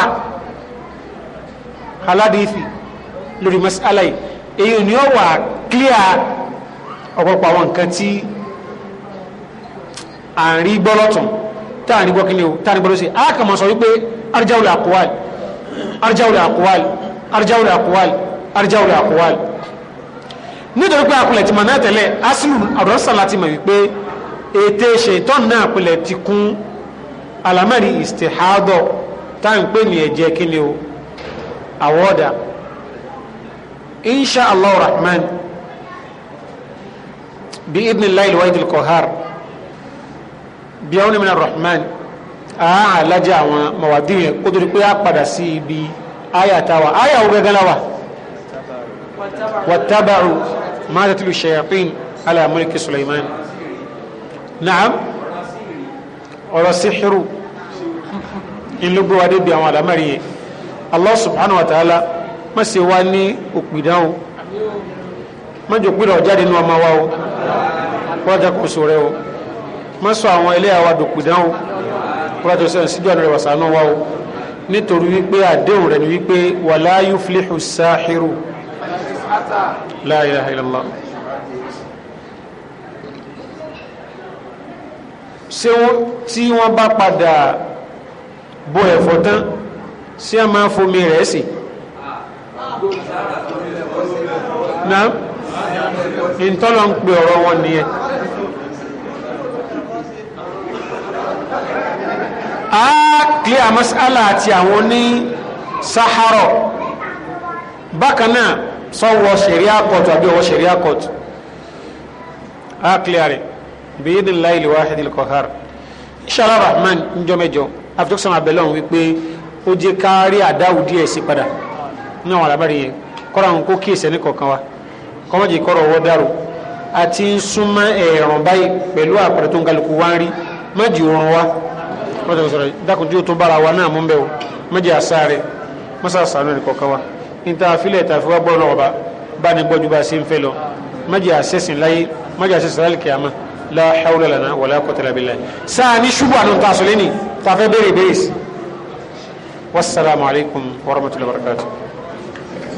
[SPEAKER 1] ni ó wà clear ọ̀pọ̀pọ̀ àwọn nǹkan tí à ń rí gbọ́ lọ́tún tá à ń rí gbọ́ kílé o tá à ń rí gbọ́ lọ́sẹ̀ á kà mọ̀ sọ wípé arjáwul àkúwàl arjáwul àkúwàl arjáwul àkúwàl arjáwul àkúwàl nítorí pé akulẹ̀ ti mọ̀ náà tẹ́lẹ̀ asilu àdọ́sà láti mọ̀ wípé ète ṣètọ́n náà akulẹ̀ ti kún alamari istihadọ tá à ní ẹ̀jẹ̀ kílé o àwọ̀dà insha allah rahman بإذن الله الواحد القهار بيون من الرحمن آه لجا ومواديه قدر قيا قد سيبي آية تاوى آية وغلوة واتبعوا ما تتلو الشياطين على ملك سليمان نعم ورسحروا إن لبوا دبي على مريه الله سبحانه وتعالى ما سواني ṣe ما ní òpìdán o má jò pínlẹ̀ kọ́lájà kò sọ rẹ o má sọ àwọn ilé àwa dòkùdán o kọ́lájà sọ síjú àná rẹ wàsánù wa o nítorí wípé àdéhùn rẹ ni wípé wala yuflihu sáhírù la ilaha illallah. ṣé tí wọ́n bá padà bo ẹ̀fọ́ tán ṣé a máa fomi rẹ̀ sí. náà ń pe ọ̀rọ̀ wọn nìyẹn. a clear masala àti àwọn oní sahara bákan náà sọ́wọ́ sharia court àbí ọwọ́ sharia court a clear rẹ̀ bí idin láìlè wáhidil kọ̀hár inshallah rahman njọ́mẹjọ afitọ́sán abẹ́lọ́n wípé ó jẹ́ kárí àdáwù díẹ̀ sí padà ní àwọn alábàrí yẹn kọ́ra àwọn kó kíyèsí ẹni kọ̀ọ̀kan wa kọ́mọ́jì kọ́rọ̀ ọwọ́ dàrú àti ń súnmọ́ ẹ̀ẹ̀rùn báyìí pẹ̀lú àpẹẹrẹ tó ń kálukú wá ń rí mọ́jì òrùn wa mọ́tò sọ̀rọ̀ dákun tí ó tó bára wa náà mú bẹ́ẹ̀ o méjì àsáre mọ́sàsánú ẹ̀rí kọ̀ọ̀kan wa níta àfilẹ̀ tàfi wá gbọ́ lọ́wọ́ bá bá ní gbọ́jú bá sí ń fẹ́ lọ méjì àṣẹsìn láyé méjì àṣẹsìn láyé kìámà la hawla lana wala quwwata billah sáà ní ṣubú àná ta sọ lẹ́ni tàfẹ́ bẹ́rẹ̀ bẹ́rẹ̀ sí. wasalaamualeykum wa rahmatulahi wa barakatuh.